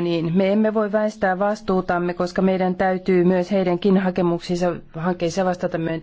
Niin, me emme voi väistää vastuutamme, koska meidän täytyy myös heidänkin hakemuksiinsa hankkeissa vastata myönteisesti.